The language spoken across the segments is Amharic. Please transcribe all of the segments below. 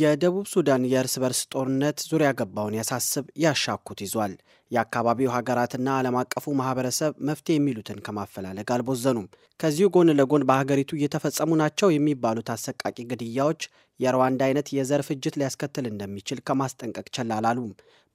የደቡብ ሱዳን የእርስ በርስ ጦርነት ዙሪያ ገባውን ያሳስብ ያሻኩት ይዟል። የአካባቢው ሀገራትና ዓለም አቀፉ ማህበረሰብ መፍትሄ የሚሉትን ከማፈላለግ አልቦዘኑም። ከዚሁ ጎን ለጎን በሀገሪቱ እየተፈጸሙ ናቸው የሚባሉት አሰቃቂ ግድያዎች የሩዋንዳ አይነት የዘር ፍጅት ሊያስከትል እንደሚችል ከማስጠንቀቅ ቸል አላሉም።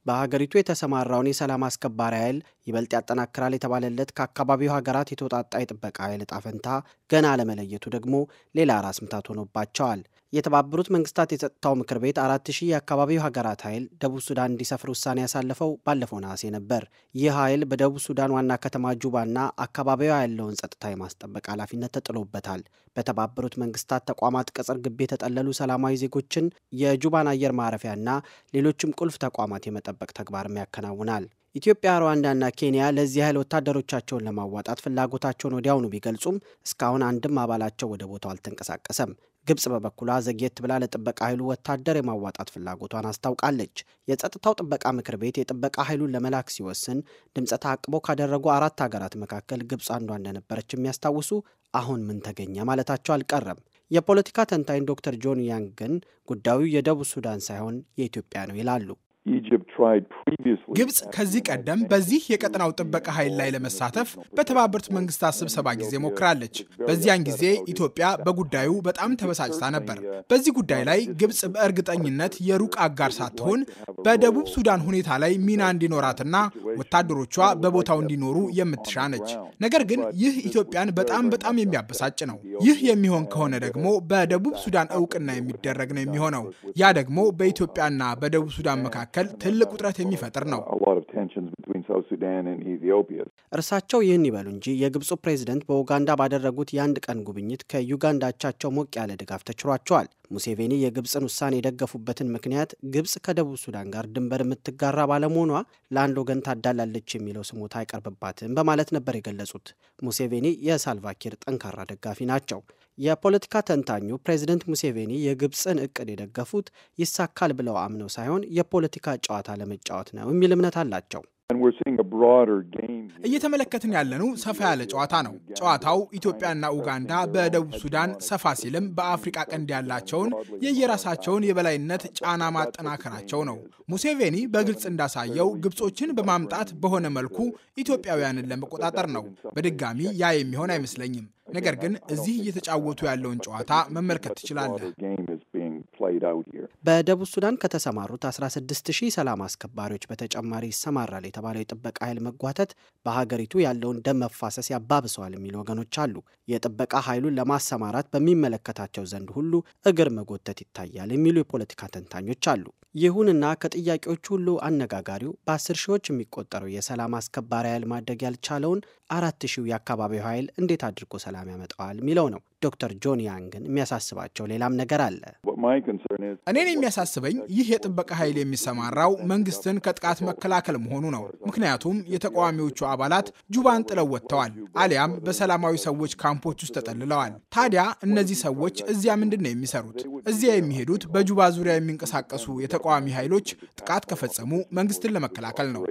በሀገሪቱ የተሰማራውን የሰላም አስከባሪ ኃይል ይበልጥ ያጠናክራል የተባለለት ከአካባቢው ሀገራት የተውጣጣ የጥበቃ ኃይል ጣፈንታ ገና አለመለየቱ ደግሞ ሌላ ራስ ምታት ሆኖባቸዋል። የተባበሩት መንግስታት የጸጥታው ምክር ቤት አራት ሺህ የአካባቢው ሀገራት ኃይል ደቡብ ሱዳን እንዲሰፍር ውሳኔ ያሳለፈው ባለፈው ነሐሴ ነበር። ይህ ኃይል በደቡብ ሱዳን ዋና ከተማ ጁባና አካባቢዋ ያለውን ጸጥታ የማስጠበቅ ኃላፊነት ተጥሎበታል። በተባበሩት መንግስታት ተቋማት ቅጽር ግቢ የተጠለሉ ሰላማዊ ዜጎችን የጁባን አየር ማረፊያና ሌሎችም ቁልፍ ተቋማት የመጠበቅ ተግባርም ያከናውናል። ኢትዮጵያ፣ ሩዋንዳና ኬንያ ለዚህ ኃይል ወታደሮቻቸውን ለማዋጣት ፍላጎታቸውን ወዲያውኑ ቢገልጹም እስካሁን አንድም አባላቸው ወደ ቦታው አልተንቀሳቀሰም። ግብጽ በበኩሏ ዘግየት ብላ ለጥበቃ ኃይሉ ወታደር የማዋጣት ፍላጎቷን አስታውቃለች። የጸጥታው ጥበቃ ምክር ቤት የጥበቃ ኃይሉን ለመላክ ሲወስን ድምፀ ተአቅቦ ካደረጉ አራት ሀገራት መካከል ግብጽ አንዷ እንደነበረች የሚያስታውሱ አሁን ምን ተገኘ ማለታቸው አልቀረም። የፖለቲካ ተንታኝ ዶክተር ጆን ያንግ ግን ጉዳዩ የደቡብ ሱዳን ሳይሆን የኢትዮጵያ ነው ይላሉ። ግብፅ ከዚህ ቀደም በዚህ የቀጠናው ጥበቃ ኃይል ላይ ለመሳተፍ በተባበሩት መንግስታት ስብሰባ ጊዜ ሞክራለች። በዚያን ጊዜ ኢትዮጵያ በጉዳዩ በጣም ተበሳጭታ ነበር። በዚህ ጉዳይ ላይ ግብፅ በእርግጠኝነት የሩቅ አጋር ሳትሆን በደቡብ ሱዳን ሁኔታ ላይ ሚና እንዲኖራትና ወታደሮቿ በቦታው እንዲኖሩ የምትሻ ነች። ነገር ግን ይህ ኢትዮጵያን በጣም በጣም የሚያበሳጭ ነው። ይህ የሚሆን ከሆነ ደግሞ በደቡብ ሱዳን እውቅና የሚደረግ ነው የሚሆነው። ያ ደግሞ በኢትዮጵያና በደቡብ ሱዳን መካከል መካከል ትልቅ ውጥረት የሚፈጥር ነው። እርሳቸው ይህን ይበሉ እንጂ የግብፁ ፕሬዝደንት በኡጋንዳ ባደረጉት የአንድ ቀን ጉብኝት ከዩጋንዳ አቻቸው ሞቅ ያለ ድጋፍ ተችሯቸዋል። ሙሴቬኒ የግብፅን ውሳኔ የደገፉበትን ምክንያት ግብፅ ከደቡብ ሱዳን ጋር ድንበር የምትጋራ ባለመሆኗ ለአንድ ወገን ታዳላለች የሚለው ስሞታ አይቀርብባትም በማለት ነበር የገለጹት። ሙሴቬኒ የሳልቫኪር ጠንካራ ደጋፊ ናቸው። የፖለቲካ ተንታኙ ፕሬዝደንት ሙሴቬኒ የግብፅን እቅድ የደገፉት ይሳካል ብለው አምነው ሳይሆን የፖለቲካ ጨዋታ ለመጫወት ነው የሚል እምነት አላቸው። እየተመለከትን ያለነው ሰፋ ያለ ጨዋታ ነው። ጨዋታው ኢትዮጵያና ኡጋንዳ በደቡብ ሱዳን ሰፋ ሲልም በአፍሪቃ ቀንድ ያላቸውን የየራሳቸውን የበላይነት ጫና ማጠናከራቸው ነው። ሙሴቬኒ በግልጽ እንዳሳየው ግብጾችን በማምጣት በሆነ መልኩ ኢትዮጵያውያንን ለመቆጣጠር ነው። በድጋሚ ያ የሚሆን አይመስለኝም። ነገር ግን እዚህ እየተጫወቱ ያለውን ጨዋታ መመልከት ትችላለህ። በደቡብ ሱዳን ከተሰማሩት 16 ሺህ ሰላም አስከባሪዎች በተጨማሪ ይሰማራል የተባለው የጥበቃ ኃይል መጓተት በሀገሪቱ ያለውን ደም መፋሰስ ያባብሰዋል የሚሉ ወገኖች አሉ። የጥበቃ ኃይሉን ለማሰማራት በሚመለከታቸው ዘንድ ሁሉ እግር መጎተት ይታያል የሚሉ የፖለቲካ ተንታኞች አሉ። ይሁንና ከጥያቄዎች ሁሉ አነጋጋሪው በአስር ሺዎች የሚቆጠረው የሰላም አስከባሪ ኃይል ማደግ ያልቻለውን አራት ሺው የአካባቢው ኃይል እንዴት አድርጎ ሰላም ያመጣዋል የሚለው ነው። ዶክተር ጆን ያንግን የሚያሳስባቸው ሌላም ነገር አለ። እኔን የሚያሳስበኝ ይህ የጥበቃ ኃይል የሚሰማራው መንግስትን ከጥቃት መከላከል መሆኑ ነው። ምክንያቱም የተቃዋሚዎቹ አባላት ጁባን ጥለው ወጥተዋል፣ አሊያም በሰላማዊ ሰዎች ካምፖች ውስጥ ተጠልለዋል። ታዲያ እነዚህ ሰዎች እዚያ ምንድን ነው የሚሰሩት? እዚያ የሚሄዱት በጁባ ዙሪያ የሚንቀሳቀሱ ተቃዋሚ ኃይሎች ጥቃት ከፈጸሙ መንግስትን ለመከላከል ነው።